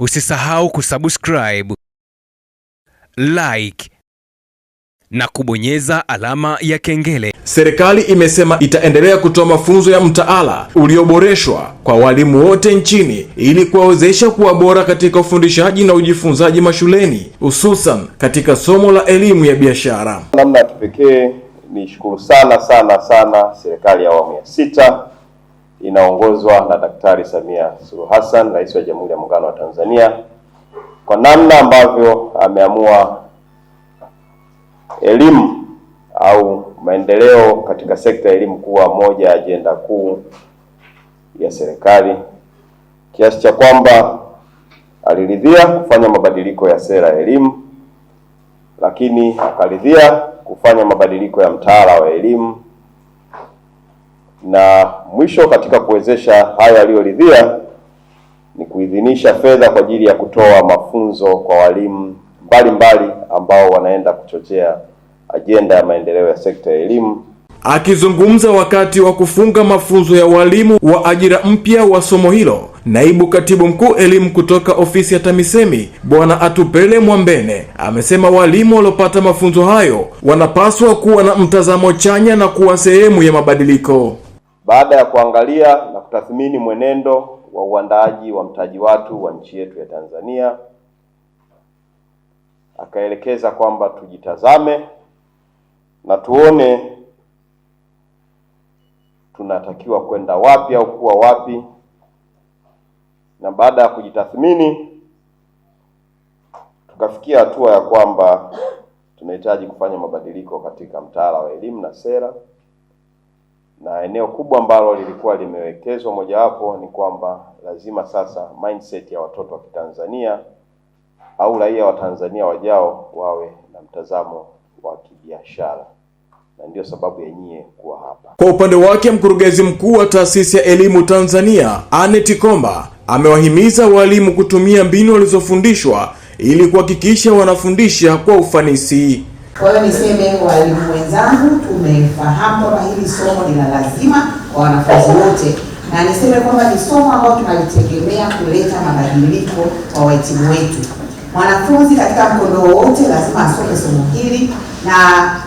Usisahau kusubscribe, like na kubonyeza alama ya kengele. Serikali imesema itaendelea kutoa mafunzo ya mtaala ulioboreshwa kwa walimu wote nchini ili kuwawezesha kuwa bora katika ufundishaji na ujifunzaji mashuleni hususan katika somo la elimu ya biashara. Namna ya kipekee ni shukuru sana sana sana serikali ya awamu ya sita inaongozwa na Daktari Samia Suluhu Hassan, rais wa Jamhuri ya Muungano wa Tanzania, kwa namna ambavyo ameamua elimu au maendeleo katika sekta ya elimu kuwa moja ya ajenda kuu ya serikali kiasi cha kwamba aliridhia kufanya mabadiliko ya sera ya elimu, lakini akaridhia kufanya mabadiliko ya mtaala wa elimu na mwisho katika kuwezesha hayo aliyoridhia ni kuidhinisha fedha kwa ajili ya kutoa mafunzo kwa walimu mbalimbali ambao wanaenda kuchochea ajenda ya maendeleo ya sekta ya elimu. Akizungumza wakati wa kufunga mafunzo ya walimu wa ajira mpya wa somo hilo, naibu katibu mkuu elimu kutoka ofisi ya TAMISEMI Bwana Atupele Mwambene amesema walimu waliopata mafunzo hayo wanapaswa kuwa na mtazamo chanya na kuwa sehemu ya mabadiliko baada ya kuangalia na kutathmini mwenendo wa uandaaji wa mtaji watu wa nchi yetu ya Tanzania, akaelekeza kwamba tujitazame na tuone tunatakiwa kwenda wapi au kuwa wapi, na baada ya kujitathmini tukafikia hatua ya kwamba tunahitaji kufanya mabadiliko katika mtaala wa elimu na sera na eneo kubwa ambalo lilikuwa limewekezwa mojawapo ni kwamba lazima sasa mindset ya watoto wa Kitanzania au raia wa Tanzania wajao wawe na mtazamo wa kibiashara na ndio sababu yenyewe kuwa hapa. Kwa upande wake, mkurugenzi mkuu wa taasisi ya elimu Tanzania Anet Komba amewahimiza walimu kutumia mbinu walizofundishwa ili kuhakikisha wanafundisha kwa ufanisi. Kwa hiyo niseme walimu wenzangu, tumefahamu kwamba hili somo ni la lazima kwa wanafunzi wote, na niseme kwamba ni somo ambalo tunalitegemea kuleta mabadiliko kwa wahitimu wetu. Mwanafunzi katika mkondo wowote lazima asome somo hili, na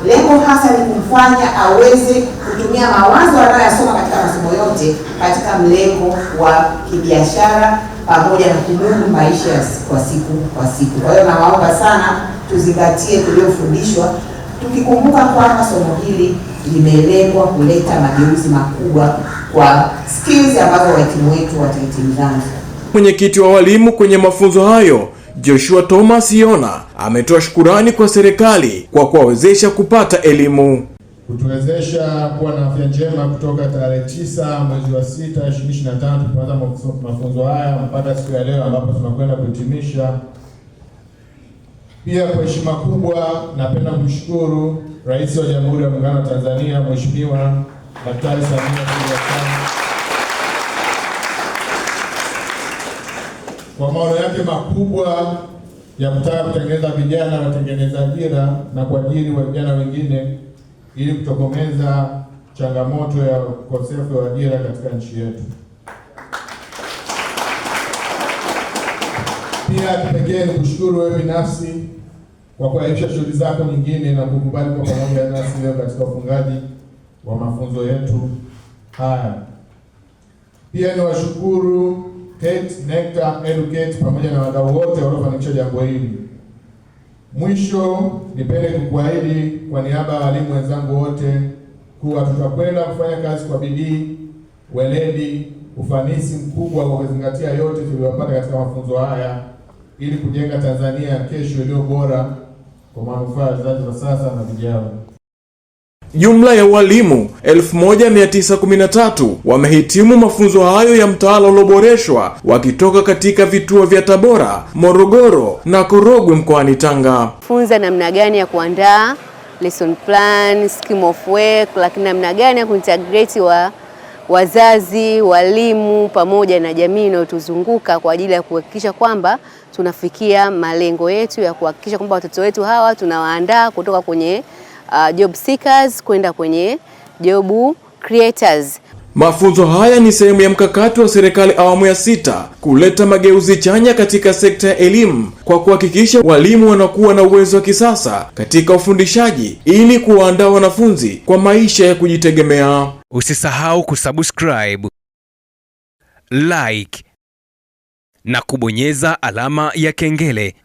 lengo hasa ni kumfanya aweze kutumia mawazo anayoyasoma katika masomo yote katika mlengo wa kibiashara pamoja na kumudu maisha kwa siku kwa siku. Kwa hiyo nawaomba sana tuzingatie tuliofundishwa, tukikumbuka kwamba somo hili limelengwa kuleta mageuzi makubwa kwa skills ambazo wahitimu wetu watahitimu Mwenyekiti wa walimu kwenye mafunzo hayo Joshua Thomas Yona ametoa shukurani kwa serikali kwa kuwawezesha kupata elimu kutuwezesha kuwa na afya njema kutoka tarehe tisa mwezi wa sita 2025 kuanza mafunzo haya mpaka siku ya leo ambapo tunakwenda kuhitimisha pia kwa heshima kubwa napenda kumshukuru Rais wa Jamhuri ya Muungano wa Tanzania Mheshimiwa Daktari Samia Suluhu Hassan kwa maono yake makubwa ya kutaka kutengeneza vijana watengeneza ajira na kuajiri vijana wengine ili kutokomeza changamoto ya ukosefu wa ajira katika nchi yetu. Pia kipekee ni kushukuru wewe binafsi kwa kuairisha shughuli zako nyingine na kukubali kwa pamoja nasi leo katika ufungaji wa mafunzo yetu haya. Pia ni washukuru Tet, Educate pamoja na wadau wote waliofanikisha jambo hili. Mwisho nipende kukuahidi kwa niaba ya walimu wenzangu wote kuwa tutakwenda kufanya kazi kwa bidii, weledi, ufanisi mkubwa kwa kuzingatia yote tuliyopata katika mafunzo haya ili kujenga Tanzania ya kesho iliyo bora kwa manufaa ya vizazi vya sasa na vijao. Jumla ya walimu 1913 wamehitimu mafunzo hayo ya mtaala ulioboreshwa wakitoka katika vituo vya Tabora, Morogoro na Korogwe mkoani Tanga. Funza namna gani ya kuandaa lesson plan, scheme of work, lakini namna gani ya kuintegrate wa wazazi, walimu pamoja na jamii inayotuzunguka kwa ajili ya kuhakikisha kwamba tunafikia malengo yetu ya kuhakikisha kwamba watoto wetu hawa tunawaandaa kutoka kwenye uh, job seekers kwenda kwenye job creators. Mafunzo haya ni sehemu ya mkakati wa serikali awamu ya sita kuleta mageuzi chanya katika sekta ya elimu kwa kuhakikisha walimu wanakuwa na uwezo wa kisasa katika ufundishaji ili kuwaandaa wanafunzi kwa maisha ya kujitegemea. Usisahau kusubscribe, like na kubonyeza alama ya kengele